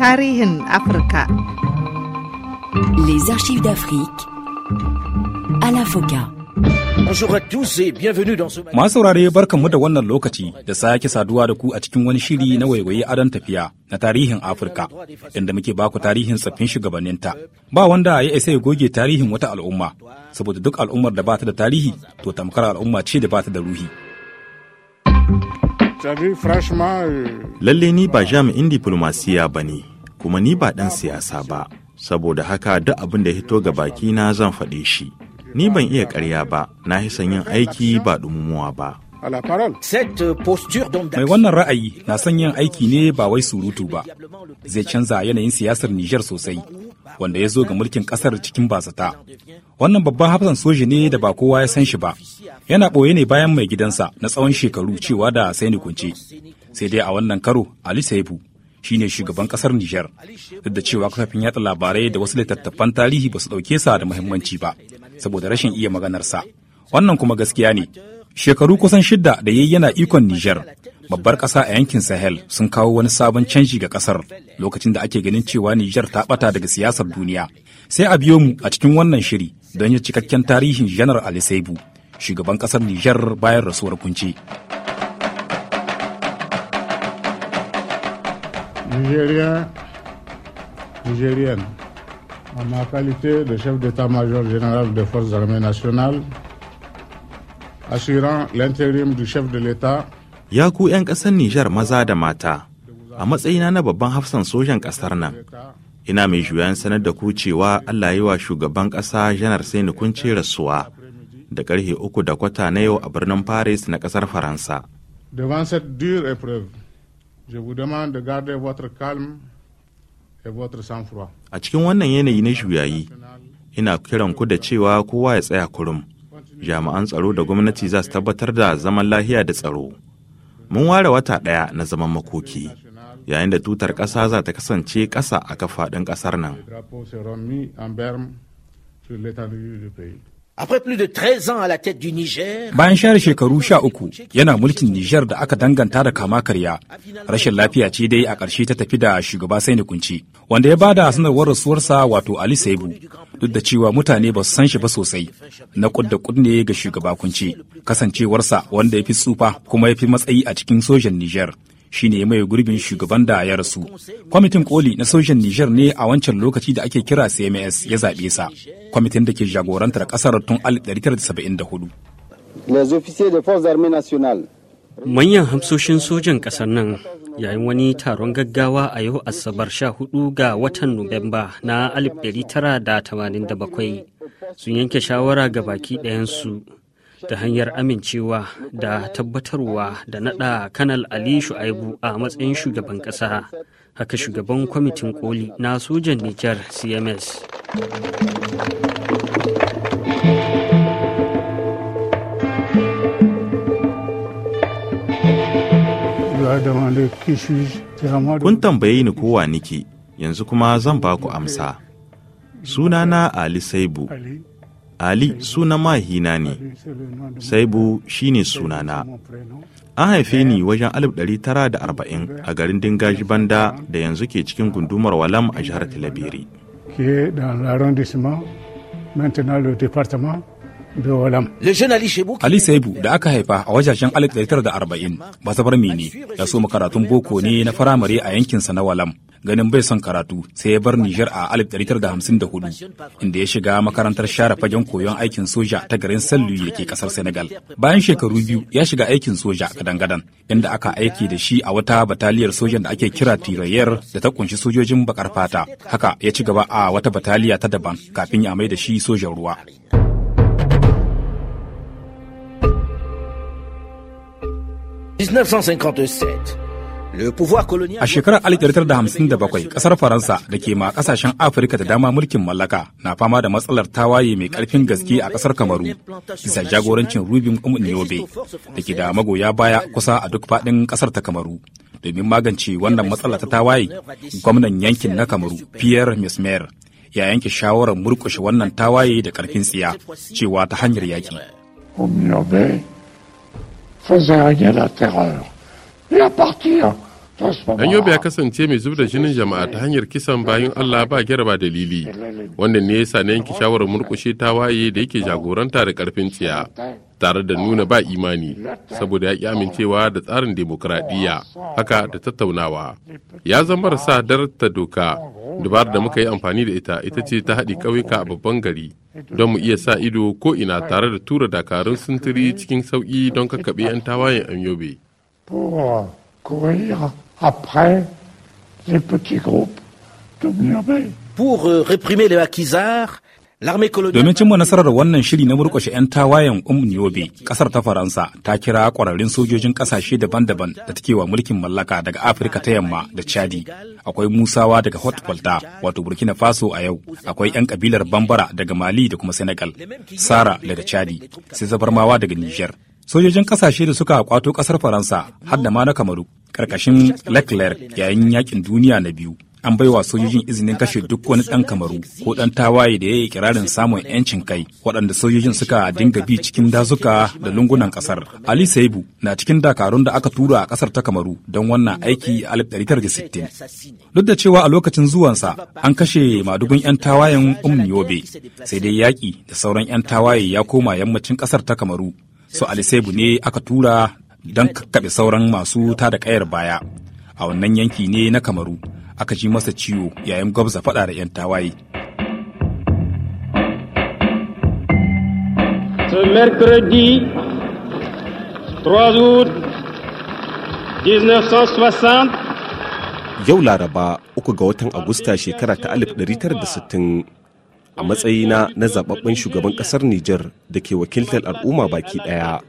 Tarihin Afirka Les archives d'Afrique à la FOCA. Masu saurare barkanmu da wannan lokaci da sake saduwa da ku a cikin wani shiri na waiwaye adon tafiya na tarihin Afirka, inda muke baku tarihin tsaffin shugabanninta. Ba wanda ya isa ya goge tarihin wata al'umma, saboda duk al'ummar da ba ta da tarihi to tamkar al'umma ce da ba ta da ruhi. Euh, Lalle ni ba jami'in diplomasiya ba ne, kuma ni ba ɗan siyasa ba, saboda haka duk abin da hito ga baki na zan faɗe shi. Ni ban iya karya ba, na yi yin aiki ba ɗumumuwa ba. Mai wannan ra'ayi na son yin aiki ne ba wai surutu ba, zai canza yanayin siyasar Nijar sosai. wanda ya zo ga mulkin kasar cikin basata Wannan babban hafsan soji ne da ba kowa ya san shi ba. Yana ɓoye ne bayan mai gidansa na tsawon shekaru cewa da sai ni kunce. Sai dai a wannan karo Ali Saibu shi ne shugaban kasar Nijar. Duk da cewa kafafin yatsa labarai da wasu littattafan tarihi ba su ɗauke sa da muhimmanci ba, saboda rashin iya maganarsa. Wannan kuma gaskiya ne. Shekaru kusan shidda da yayi yana ikon Nijar. babbar ƙasa a yankin Sahel sun kawo wani sabon canji ga ƙasar lokacin da ake ganin cewa Niger ta ɓata daga siyasar duniya. Sai a biyo mu a cikin wannan shiri don yin cikakken tarihin Janar Ali Saibu, shugaban ƙasar Niger bayan rasuwar kunce. Nigeria, Nigerian, en ma qualité de chef d'état-major general de forces armées nationales, assurant l'intérim du chef de l'État ya ku 'yan ƙasar Nijar maza da mata, a matsayina na babban hafsan sojan ƙasar nan, ina mai juyan sanar da ku cewa Allah yi wa shugaban ƙasa janar sai kunce rasuwa da ƙarfe uku da kwata na yau a birnin Paris na ƙasar Faransa. Devant A cikin wannan yanayi na juyayi, ina kiran ku da cewa kowa ya tsaya kurum. Jami'an tsaro da gwamnati za su tabbatar da zaman lahiya da tsaro. Mun ware wata ɗaya na zaman makoki, yayin da tutar ƙasa za ta kasance ƙasa a kafaɗin ƙasar nan. Bayan share shekaru sha uku yana mulkin Nijar da aka danganta da kama karya, rashin lafiya ce dai a ƙarshe ta tafi da shugaba sai kunci wanda ya bada sanarwar rasuwarsa wato Ali Saibu, duk da cewa mutane ba su san shi ba sosai, na kud da kud ne ga shugaba kunci, kasancewarsa wanda ya fi tsufa kuma ya fi matsayi a cikin sojan Nijar. shine mai gurbin shugaban da ya rasu kwamitin koli na sojan nijar ne a wancan lokaci da ake kira cms ya zaɓe sa kwamitin da ke jagorantar ƙasar tun 1974 manyan hamsoshin sojan ƙasar nan yayin wani taron gaggawa a yau asabar 14 ga watan nuwamba na 1987 sun yanke shawara ga baki ɗayansu ta hanyar amincewa da tabbatarwa da naɗa kanal ali shu'aibu a matsayin shugaban ƙasa haka shugaban kwamitin koli na sojan nijar cms Kun tambaye ni kowa nike, yanzu kuma zan ba ku amsa. Sunana Ali Saibu, Ali sunan mahina ne, Saibu shi ne sunana. An haife ni wajen 1940 a garin Dingaji Banda da yanzu ke cikin gundumar Walam a jihar Talabiri. Ali Saibu da aka haifa a wajajen 1940 ba zabar ne ya so makaratun boko ne na firamare a yankinsa na Walam. ganin bai son karatu sai ya bar Nijar a 1954 inda ya shiga makarantar share fagen koyon aikin soja ta garin Sallu da ke kasar Senegal. Bayan shekaru biyu ya shiga aikin soja gadan-gadan inda aka aiki da shi a wata bataliyar sojan da ake kira tirayyar da ta kunshi sojojin bakar fata. Haka ya ci gaba a wata bataliya ta daban kafin ya mai da shi sojan ruwa. A A shekarar 1957 kasar Faransa da ke ma kasashen Afirka da dama mulkin mallaka na fama da matsalar tawaye mai karfin gaske a kasar Kamaru bisa jagorancin Rubin Umuniobe da ke da magoya baya kusa a duk faɗin kasar ta Kamaru. Domin magance wannan matsala ta tawaye, gwamnan yankin na Kamaru Pierre Mesmer ya yanke shawarar murkushe wannan tawaye da karfin tsiya cewa ta hanyar yaƙi. ya yobe ya kasance mai zubda jinin jama'a ta hanyar kisan bayan Allah ba gyara ba dalili, wanda ne yasa na yanke shawarar murkushe tawaye da yake jagoranta da karfin tsiya, tare da nuna ba imani, saboda ya ki amincewa da tsarin demokradiyya haka da tattaunawa. Ya zama sa darta doka, dubar da muka yi amfani da ita ita ce ta haɗi kauyuka a babban gari don mu iya sa ido ko ina tare da tura dakarun sintiri cikin sauƙi don kakkaɓe 'yan tawayen an yobe. pour euh, courir après les petits groupes dominés. Pour euh, réprimer les maquisards, Domin cimma nasarar wannan shiri na murƙushe 'yan tawayen Um Niobe, ƙasar ta Faransa ta kira ƙwararrun sojojin ƙasashe daban-daban da take wa mulkin mallaka daga Afirka ta Yamma da Chadi. Akwai Musawa daga Hot Volta, wato Burkina Faso a yau. Akwai 'yan ƙabilar Bambara daga Mali da kuma Senegal, Sara daga Chadi, sai Zabarmawa daga Nijar. sojojin kasashe da suka kwato kasar faransa har da ma na kamaru karkashin leclerc yayin yakin duniya na biyu an baiwa sojojin izinin kashe duk wani ɗan kamaru ko ɗan tawaye da ya yi kirarin samun 'yancin kai waɗanda sojojin suka dinga bi cikin dazuka da lungunan ƙasar. Ali Saibu na cikin dakarun da aka tura a ƙasar ta kamaru don wannan aiki a 1960. Duk da cewa a lokacin zuwansa an kashe madugun 'yan tawayen Umniyobe sai dai yaƙi da sauran 'yan tawaye ya koma yammacin ƙasar ta kamaru su alisebu ne aka tura don kakkaɓe sauran masu tada ƙayar baya a wannan yanki ne na kamaru aka ji masa ciwo yayin gwabza faɗa da 'yan tawaye Yau Laraba uku ga watan Agusta shekara ta 1960 a matsayina na zababben shugaban kasar Nijar da ke wakiltar al'umma baki daya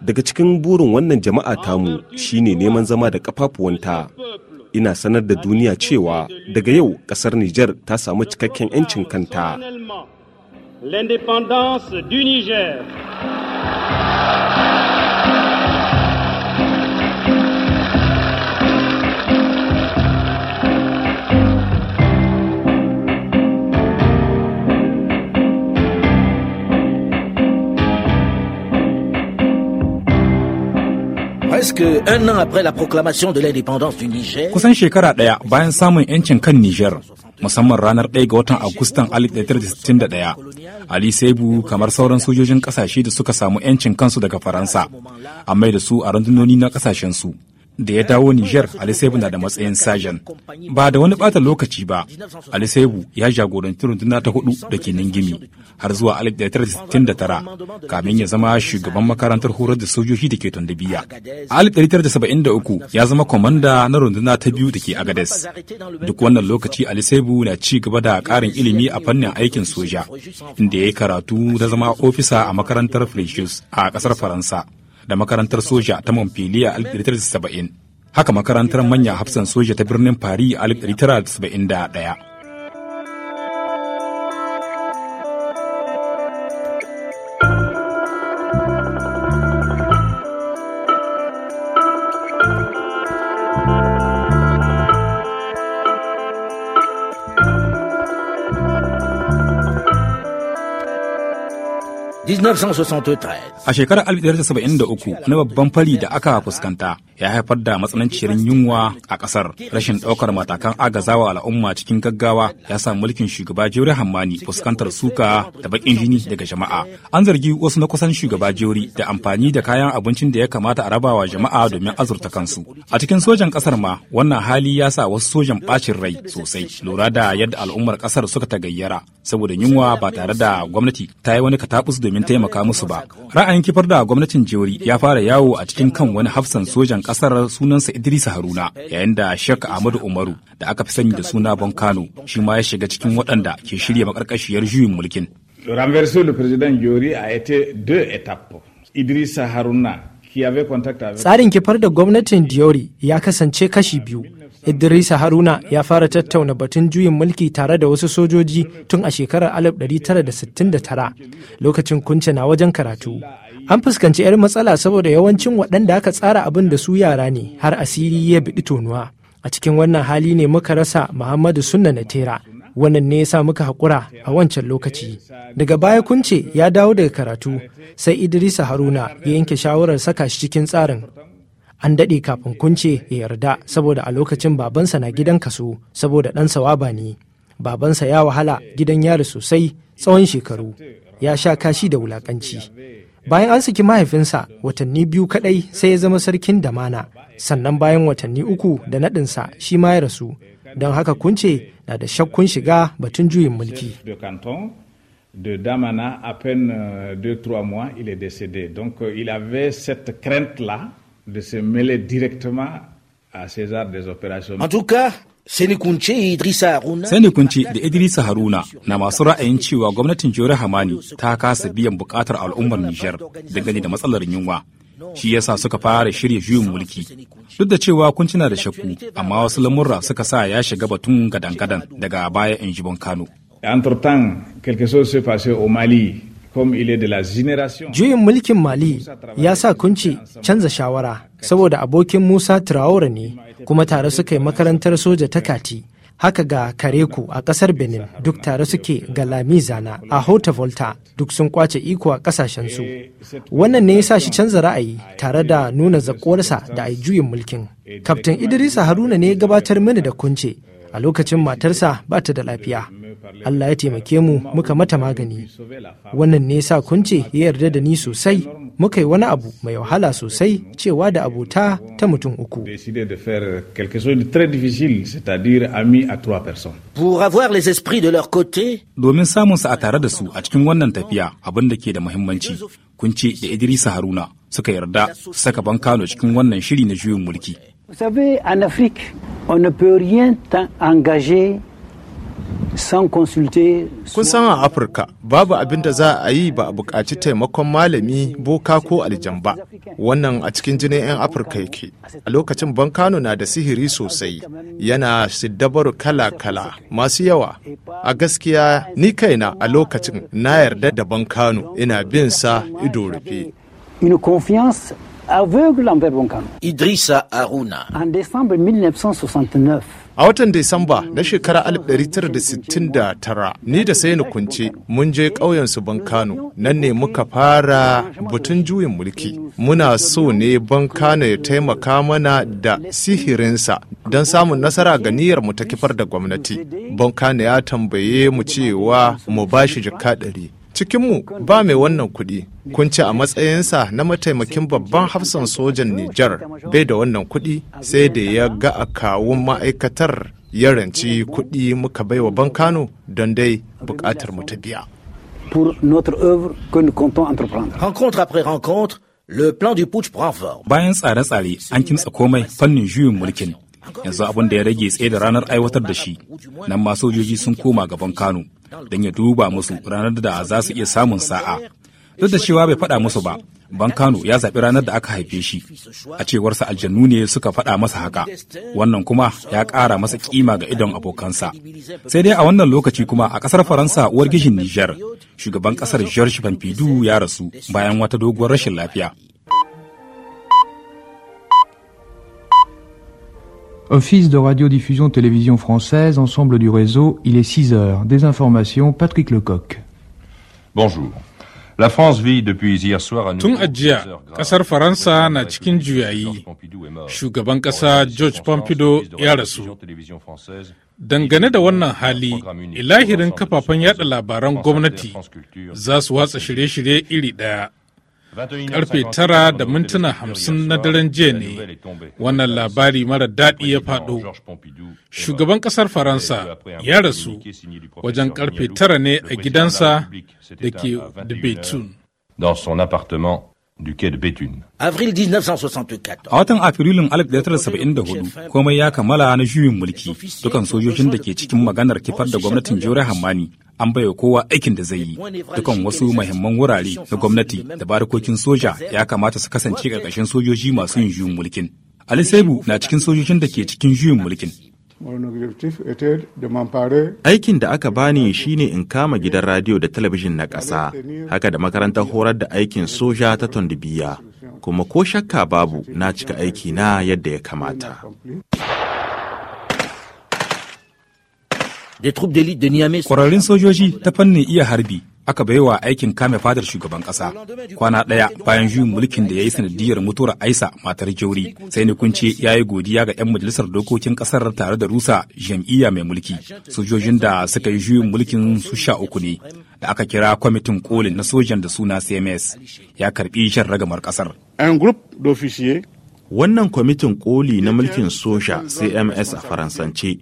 Daga cikin burin wannan jama'a tamu shine neman zama da kafafuwanta. Ina sanar da duniya cewa daga yau kasar Nijar ta samu cikakken 'yancin kanta. L'indépendance du Niger. Kusan shekara ɗaya bayan samun 'yancin kan Nijar, musamman ranar ɗaya ga watan Agustan 1961, Ali Seibu kamar sauran sojojin ƙasashe da suka samu 'yancin kansu daga Faransa, a mai da su a rundunoni na ƙasashensu. da ya dawo Nijar Alisebu na da matsayin sajan. Ba da wani bata lokaci ba, Alisebu ya jagoranci runduna ta hudu da ke Ningimi har zuwa 1969 kamin ya zama shugaban makarantar horar da sojoji da ke Tondibiya. A 1973 ya zama kwamanda na runduna ta biyu da ke Agades. Duk wannan lokaci Alisebu na ci gaba da karin ilimi a fannin aikin soja, inda ya yi karatu da zama ofisa a makarantar Freshus a ƙasar Faransa. da makarantar soja ta Montpellier a 1970. Haka makarantar manya hafsan soja ta birnin Paris a 1971. 1973. A shekarar 1973 na babban fari da aka fuskanta ya haifar da matsananciyar yunwa a ƙasar rashin ɗaukar matakan agazawa al'umma cikin gaggawa ya sa mulkin shugaba jori hammani fuskantar suka da baƙin jini daga jama'a an zargi wasu na kusan shugaba jori da amfani da kayan abincin da ya kamata a rabawa jama'a domin azurta kansu a cikin sojan ƙasar ma wannan hali ya sa wasu sojan ɓacin rai sosai lura da yadda al'ummar ƙasar suka ta gayyara saboda yunwa ba tare da gwamnati ta yi wani katabus domin taimaka musu ba ra'ayin kifar da gwamnatin jori ya fara yawo a cikin kan wani hafsan sojan kasar sunansa Idris Haruna yayin da Sheikh Ahmadu Umaru da aka fi sani da suna Bonkano shi ma ya shiga cikin waɗanda ke shirya makarkashiyar juyin mulkin. Le président Jori a été deux étapes. Idrissa Haruna Tsarin kifar da gwamnatin Diori ya kasance kashi biyu. Idrisa Haruna ya fara tattauna batun juyin mulki tare da wasu sojoji tun a shekarar 1969 lokacin kunce na wajen karatu. An fuskanci 'yar matsala saboda yawancin waɗanda aka tsara abin da su yara ne har asiri ya biɗi tonuwa. A cikin wannan hali ne muka rasa Muhammadu Sunna na tera. Wannan ne ya sa muka haƙura a wancan lokaci. Daga baya kunce ya dawo daga karatu sai Idrisa Haruna ya yanke shawarar saka shi cikin tsarin. An daɗe kafin kunce ya yarda saboda a lokacin babansa na gidan kaso saboda ɗansa waba ne. Babansa ya wahala gidan yari sosai tsawon shekaru. Ya sha kashi da wulaƙanci. bayan an saki mahaifinsa watanni biyu kadai sai ya zama sarkin damana sannan bayan watanni uku da naɗinsa shi ma ya rasu don haka kunce na da shakkun shiga batun juyin mulki de Damana, à peine 2-3 euh, mois, il est décédé. Donc euh, il avait cette crainte-là de se mêler directement à César des opérations. En tout cas, Sani Kunce da Idrisa Haruna na masu ra'ayin cewa gwamnatin Jori Hamani ta kasa biyan bukatar al'ummar Nijar gani da matsalar yunwa. Shi yasa suka fara shirya juyin mulki. Duk da cewa kuncina da shakku, amma wasu lamurra suka sa ya shiga batun gadan-gadan daga baya in Kano. Entre-temps, quelque chose s'est passé au Mali Juyin mulkin Mali ya sa kunci canza shawara saboda abokin Musa Traore ne kuma tare suka yi makarantar soja ta kati. Haka ga Kareku a ƙasar Benin duk tare suke ga Lamizana a Hota Volta duk sun kwace iko a ƙasashensu. Wannan ne ya sa shi canza ra'ayi tare da nuna zaƙuwarsa da a juyin mulkin. Kaftin Idrisa Haruna ne ya gabatar mini da kunce a lokacin matarsa ba ta da lafiya. Allah ya taimake mu muka mata magani wannan ne sa kunce ya yarda da ni sosai muka yi wani abu mai wahala sosai cewa da abota ta mutum uku domin samun sa a tare da su a cikin wannan tafiya abin da ke da muhimmanci kunce da Idrisa Haruna suka yarda su saka bankano cikin wannan shiri na juyin mulki Vous savez, en Afrique, on ne peut rien engager san kun san a afirka babu abin da za a yi ba a buƙaci taimakon malami boka ko aljan ba wannan a cikin jinin 'yan afirka yake a lokacin bankano na da sihiri sosai yana siddabaru kala-kala masu yawa a gaskiya ni kaina a lokacin na yarda da bankano ina bin sa ido rufe aveugle envers Bonkano. Idrissa Aruna. En décembre 1969, A watan Disamba na shekara 1969 ni da sai ni kunce mun je ƙauyen su Bankano nan ne muka fara butun juyin mulki. Muna so ne Bankano ya taimaka mana da sihirinsa don samun nasara ga niyyar mu ta kifar da gwamnati. Bankano ya tambaye mu cewa mu bashi jaka ɗari. cikinmu ba mai wannan kuɗi kun ce a matsayinsa na mataimakin babban hafsan sojan Nijar bai da wannan kuɗi sai da ya ga a kawun ma'aikatar ya kuɗi muka baiwa bankano don dai buƙatar mu ta biya. Bayan tsare-tsare, an kimsa komai fannin juyin mulkin. Yanzu abin da ya rage tsaye da ranar aiwatar da shi, nan masu sojoji sun koma gaban Kano. don ya duba musu ranar da za su iya samun sa'a duk da cewa bai faɗa musu ba ban kano ya zaɓi ranar da aka haife shi a cewarsa aljannu ne suka faɗa masa haka wannan kuma ya ƙara masa ƙima ga idon abokansa sai dai a wannan lokaci kuma a ƙasar faransa uwar gishin nijar shugaban ƙasar george pompidou ya rasu bayan wata doguwar rashin lafiya Office de radiodiffusion télévision française, ensemble du réseau, il est 6 heures. Des informations, Patrick Lecoq. Bonjour. La France vit depuis hier soir à Tun a jiya, ƙasar Faransa na cikin Shugaban ƙasa George Pompidou ya rasu. Dangane da wannan hali, ilahirin kafafen yada labaran gwamnati za su watsa shirye-shirye iri ɗaya. karfe tara da mintuna hamsin na daren jiya ne wannan labari mara daɗi ya faɗo shugaban ƙasar faransa ya rasu wajen karfe tara ne a gidansa da ke da betun du quai de Béthune. Avril 1964. A watan Afrilun 1974 komai ya kammala na juyin mulki dukan sojojin da ke cikin maganar kifar da gwamnatin Jore Hammani an baiwa kowa aikin da zai yi dukan wasu mahimman wurare na gwamnati da barikokin soja ya kamata su kasance ƙarƙashin sojoji masu yin juyin mulkin. Ali na cikin sojojin da ke cikin juyin mulkin Aikin da aka bani shi ne in kama gidan radiyo da talabijin na ƙasa, haka da makarantar horar da aikin soja ta Tondibiya, kuma ko shakka babu na cika aiki na yadda ya kamata. Kwararrun sojoji ta fannin iya harbi aka baiwa aikin kame fadar shugaban kasa kwana ɗaya bayan juyin mulkin da ya yi sanadiyar mutuwar aisa matar jauri sai ni kunce ya yi godiya ga 'yan majalisar dokokin kasar tare da rusa jam'iyya mai mulki sojojin da suka yi juyin mulkin su sha uku ne da aka kira kwamitin kolin na sojan da suna cms ya karbi shan ragamar kasar wannan kwamitin koli na mulkin soja cms a faransance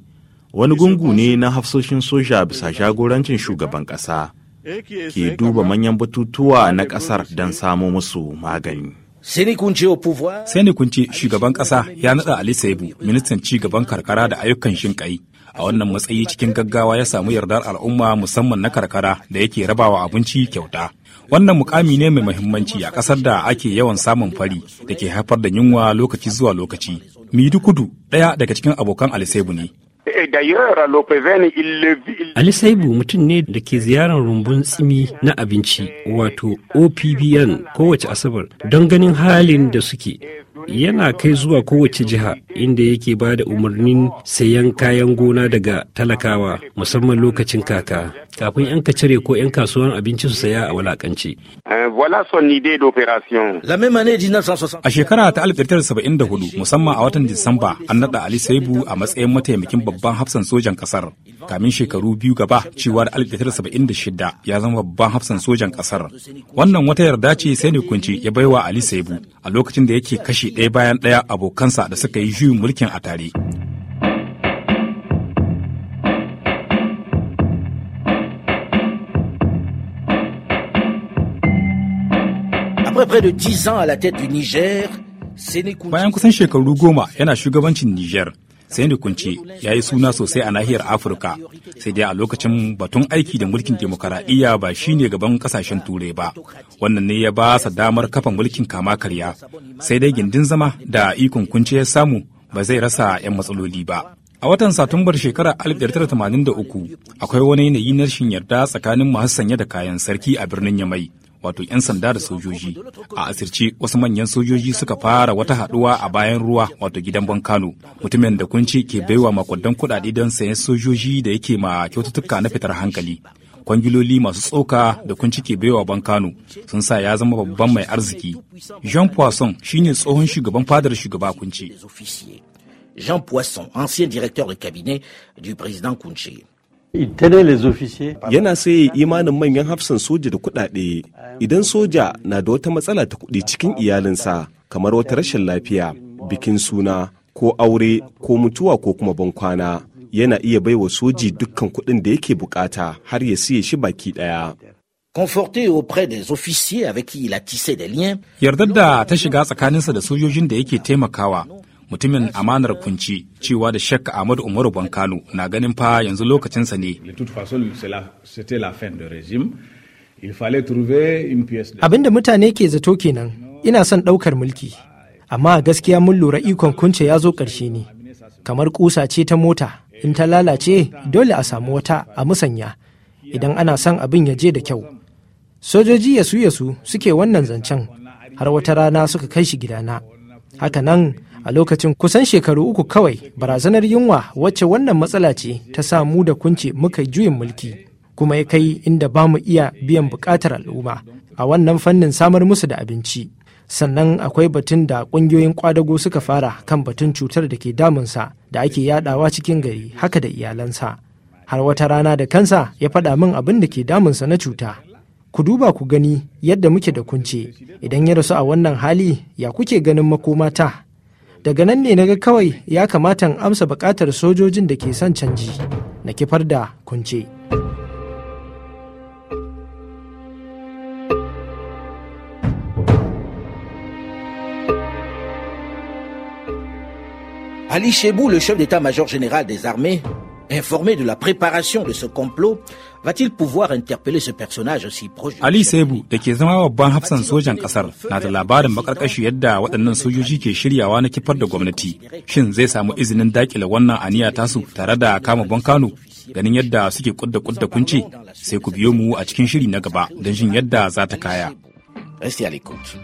wani gungu ne na hafsoshin soja bisa jagorancin shugaban ƙasa. ke duba manyan batutuwa na ƙasar don samo musu magani. Sai ni kunce shugaban ƙasa ya naɗa Ali Saibu ministan ci gaban karkara da ayyukan shinkai A wannan matsayi cikin gaggawa ya samu yardar al'umma musamman na karkara da yake rabawa abinci kyauta. Wannan mukami ne mai muhimmanci a ƙasar da ake yawan samun fari da ke haifar da yunwa lokaci zuwa lokaci. duk Kudu ɗaya daga cikin abokan Ali Saibu ne. Eh, Ali Saibu mutum ne da ke ziyarar rumbun tsimi na abinci wato OPBN kowace Asabar don ganin halin da suke yana kai zuwa kowace jiha inda yake ba da umarnin sayan kayan gona daga talakawa musamman lokacin kaka kafin 'yan kacire ko 'yan kasuwan abinci su saya a walakanci. Eh, a shekara ta 1974 musamman a watan Disamba an naɗa Ali Saibu a matsayin mataimakin babban hafsan sojan kasar Kamin shekaru biyu gaba cewa da 1976 ya zama babban hafsan sojan kasar Wannan wata yarda ce sai ne kunci ya baiwa Ali Saibu a lokacin da yake kashe kashe ɗaya bayan ɗaya abokansa da suka yi juyin mulkin a tare. Bayan kusan shekaru goma yana shugabancin Niger, Sani Kunce ya yi suna sosai a nahiyar Afirka, sai dai a lokacin batun aiki da mulkin demokaradiyya ba shi ne gaban kasashen turai ba. Wannan ne ya ba sa damar kafa mulkin kama karya, sai dai gindin zama da ikon Kunce ya samu ba zai rasa 'yan matsaloli ba. A watan Satumbar shekarar 1983 akwai wani yanayi na rashin yarda tsakanin masu da kayan sarki a birnin Yamai. wato 'yan sanda da sojoji a asirce wasu manyan sojoji suka fara wata haɗuwa a bayan ruwa wato gidan bankano mutumin da kunci ke baiwa makudan kuɗaɗe don sayan sojoji da yake ma kyaututtuka na fitar hankali kwangiloli masu tsoka da kunci ke baiwa bankano sun sa ya zama babban mai arziki jean poisson shine tsohon shugaban fadar shugaba kunci Jean Poisson, ancien directeur de cabinet du président Kunche. Yana saye imanin manyan hafsan soja da kuɗaɗe idan soja na da wata matsala ta kuɗi cikin iyalinsa kamar wata rashin lafiya, bikin suna, ko aure, ko mutuwa ko kuma bankwana. Yana iya baiwa soji dukkan kuɗin da yake bukata har ya siya shi baki ɗaya. conforté auprès des officiers avec qui Yardar da ta shiga tsakaninsa da sojojin da yake taimakawa mutumin amanar kunci cewa da shakka Ahmadu Umaru Bankano na ganin fa yanzu lokacinsa ne. da mutane ke zato kenan ina son ɗaukar mulki, amma gaskiya mun lura ikon kunce ya zo ƙarshe ne, kamar ƙusa ce ta mota in ta lalace dole a samu wata a musanya idan ana son abin ya je da kyau. Sojoji yasu yasu suke wannan zancen har wata rana suka kai shi gidana. Haka nan a lokacin kusan shekaru uku kawai barazanar yunwa wacce wannan matsala ce ta sa mu da kunce muka juyin mulki kuma ya kai inda ba mu iya biyan bukatar al'umma a wannan fannin samar musu da abinci sannan akwai batun da ƙungiyoyin kwadago suka fara kan batun cutar da ke damunsa da ake yaɗawa cikin gari haka da iyalansa har wata rana da kansa ya faɗa min abin da ke damunsa na cuta ku duba ku gani yadda muke da kunce idan ya rasu a wannan hali ya kuke ganin makomata daga nan ne na ga kawai ya kamata in amsa bukatar sojojin da ke son canji na kifar da kunce Ali shebu le chef d'état-major général des armées, informé de la préparation de ce complot, va-t-il pouvoir interpeller ce personnage si proche Ali Sebu da ke zama babban hafsan sojan kasar na da labarin makarkashi yadda waɗannan sojoji ke shiryawa na kifar da gwamnati. Shin zai samu izinin dakile wannan aniya tasu tare da kama Bonkano? Ganin yadda suke kudda kudda kunce sai ku biyo mu a cikin shiri na gaba don jin yadda za ta kaya. Restez à l'écoute.